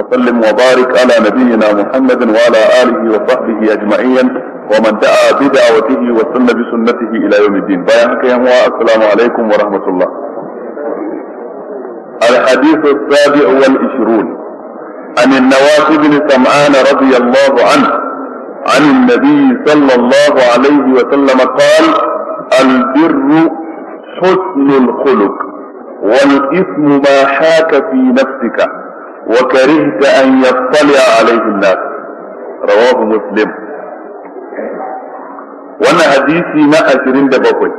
وسلم وبارك على نبينا محمد وعلى آله وصحبه أجمعين ومن دعا بدعوته وسن بسنته إلى يوم الدين بارك السلام عليكم ورحمة الله الحديث السابع والعشرون عن النواس بن سمعان رضي الله عنه عن النبي صلى الله عليه وسلم قال البر حسن الخلق والإثم ما حاك في نفسك وكرهت أن يطلع عليه الناس رواه مسلم وانا حديثي ما أشرين دبقوي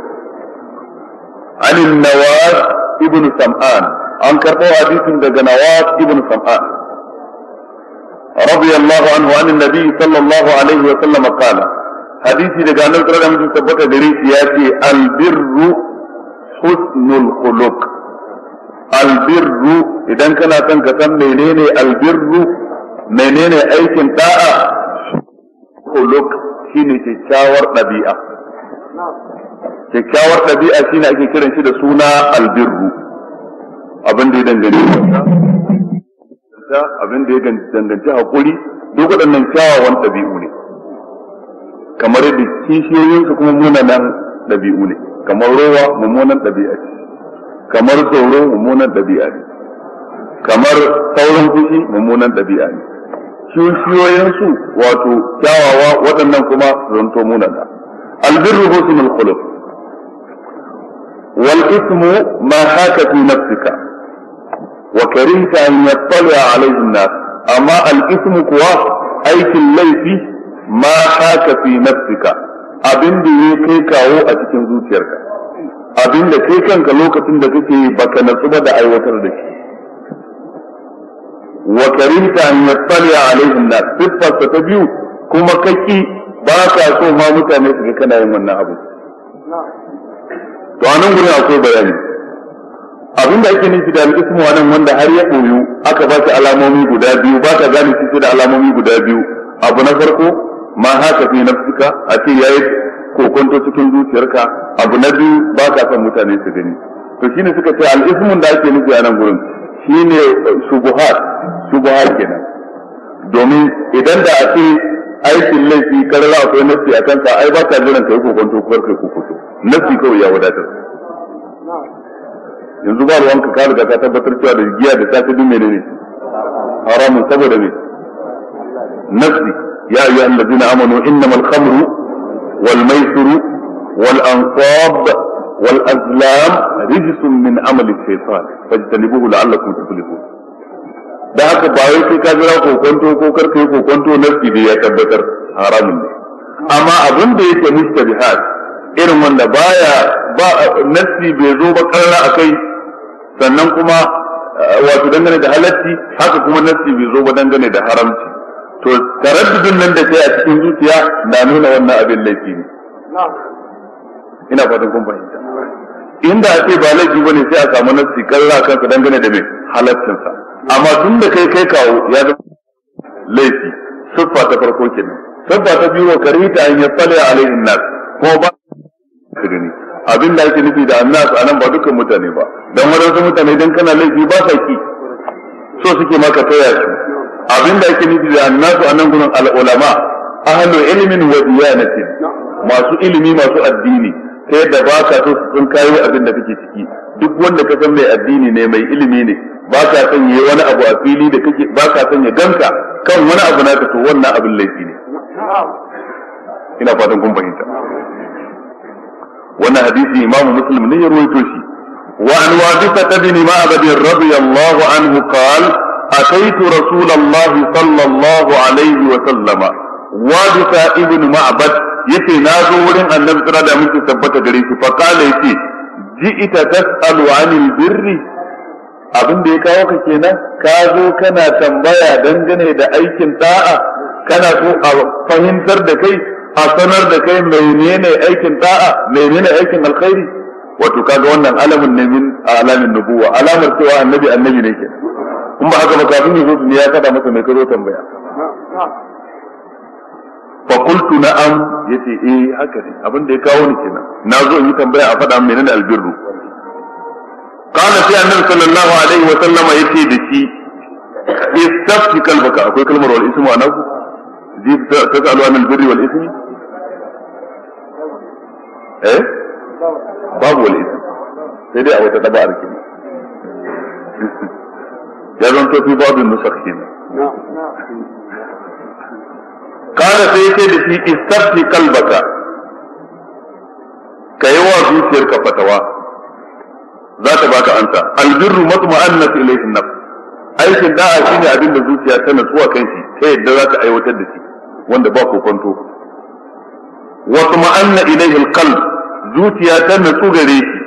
عن النواس ابن سمعان عن كربو حديث دقى نواس ابن سمعان رضي الله عنه عن النبي صلى الله عليه وسلم قال حديثي دقى نواس ابن سمعان ياتي البر حسن الخلق albirru idan kana son ka san menene albirru menene aikin da'a kuluk shine kyakkyawar ɗabi'a kyakkyawar ɗabi'a shine ake kiran shi da suna albirru abin da ya danganci abin da ya danganci hakuri duk waɗannan kyawawan ɗabi'u ne kamar yadda kishiyoyinsu kuma munanan ɗabi'u ne kamar rowa mummunan ɗabi'a ce kamar tsoro mummunan ɗabi'a ne kamar sauran fushi mummunan ɗabi'a ne su wato kyawawa waɗannan kuma zanto munana albirru husnul khuluq wal ismu ma haka fi nafsika wa karinta an yattali alaihin na amma al ismu kuwa aikin laifi ma haka fi nafsika abin da ya kai kawo a cikin zuciyarka abin kai kanka lokacin da kake baka natsu ba da aiwatar da shi wa karinta an yattali alaihim na siffarsa ta biyu kuma kaki ba ka so ma mutane su ga kana wannan abu to anan gudun gurin akwai bayani abinda ake nufi da al'ismu nan wanda har ya ɓoyu aka ba shi alamomi guda biyu ba ka gane shi da alamomi guda biyu abu na farko ma haka fi nafsika a ce yayi kokonto cikin zuciyarka abu na biyu ba sa son mutane su gani to shine suka ce al'ismun da ake nufi a nan gurin shine subuhat subuhat kenan domin idan da a ce aikin laifi karara akwai nafi a kanta ai ba ka jiran kai kokonto kuwar kai kokonto nafi kawai ya wadatar yanzu ba ruwanka ka riga ka tabbatar cewa da giya da safi duk menene haramun saboda me nafi ya yi ayyuhal na amanu innamal khamru wal suru. والأنصاب والأزلام رجس من عمل الشيطان فاجتنبوه لعلكم تفلحون da haka ba wai sai ka jira kokonto ko karka yi kokonto nafsi da ya tabbatar haramun ne amma abin da yake mustabihat irin wanda baya ba nafsi bai zo ba karra akai sannan kuma wato dangane da halatti haka kuma nafsi bai zo ba dangane da haramci to taraddudin nan da ke a cikin zuciya na nuna wannan abin laifi ne ina fatan kun fahimta inda a ce ba laifi bane sai a samu nasi karra kansa dangane da mai halaccinsa amma tun da kai kai kawo ya zama laifi siffa ta farko kenan siffa ta biyu wa karita an a alaihin nas ko ba gani abin da ake nufi da annas anan ba dukkan mutane ba dan wadansu mutane idan kana laifi ba sa ki so suke maka taya su abin da ake nufi da annas anan gurin al ulama ahlu ilmin wa diyanatin masu ilimi masu addini ta yadda ba ka so su san kayi abin da kake ciki duk wanda ka san mai addini ne mai ilimi ne ba ka san yi wani abu a fili da kake ba ka san ya ganka kan wani abu naka to wannan abin laifi ne ina fatan kun fahimta wannan hadisi imam muslim ne ya ruwaito shi wa an wabisa bin ma'bad radiyallahu anhu qala ataitu rasulullahi sallallahu alaihi wa sallama wabisa ibnu ma'bad yace na zo wurin annabi tsira da muke tabbata gare shi fa kala yace ji'ita tas'alu anil birri abin da ya kawo ka kenan ka zo kana tambaya dangane da aikin da'a kana so a fahimtar da kai a sanar da kai menene aikin da'a menene aikin alkhairi wato kaga wannan alamun ne min alamin nubuwa alamar cewa annabi annabi ne ke kuma haka ba kafin ya zo ya kada masa mai kazo tambaya fa qultu na'am yace eh haka ne abin da ya kawo ni kenan na zo in yi tambaya a faɗa menene albirru kana sai annabi sallallahu alaihi wa sallama yace da shi istafti kalbaka akwai kalmar wal ismu anaku ta tasalu an albirri wal ismi eh babu wal ismi sai dai a wata daba arki ya zanto fi babu na'am na'am Kada sai ce da shi istafti kalbaka ka yi wa zuciyarka fatawa za ta baka anta albirru matma'annat ilayhi nafs aikin da'a shine abin da zuciya ta natsuwa kan shi ta yadda za ka aiwatar da shi wanda ba kokonto wa tuma'anna ilayhi alqalb zuciya ta natsu gare shi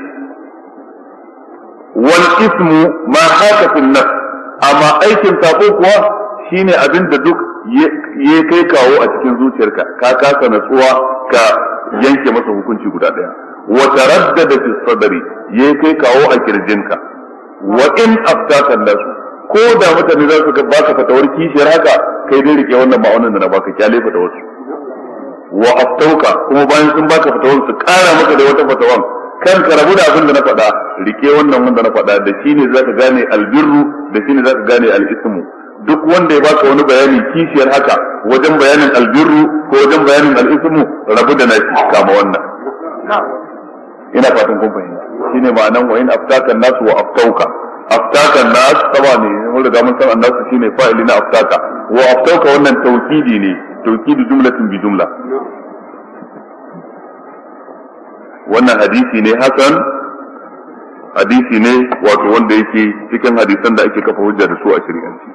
wal ismu ma haka fil nafs amma aikin sako kuwa shine abin da duk ya kai kawo a cikin zuciyarka ka kasa natsuwa ka yanke masa hukunci guda ɗaya wa taraddada fi sadri ya kai kawo a kirjinka wa in aftaka nasu ko da mutane za su baka fatawar kishiyar haka kai dai rike wannan ma'aunin da na baka kyale fatawar su wa aftauka kuma bayan sun baka fatawar su kara maka da wata fatawan kan ka rabu da abin da na faɗa rike wannan wanda na faɗa da shine zaka gane albirru da shine zaka gane al'ismu duk wanda ya baka wani bayani kishiyar haka wajen bayanin albirru ko wajen bayanin al'ismu rabu da na kama wannan ina fatan kun fahimta shine ma'anan wa in aftaka nasu wa aftauka aftaka nas saba ne mun riga mun san annasu shine fa'ili na aftaka wa aftauka wannan tawkidi ne tawkidi jumlatin bi jumla wannan hadisi ne hasan hadisi ne wato wanda yake cikin hadisan da ake kafa hujja da su a shari'anci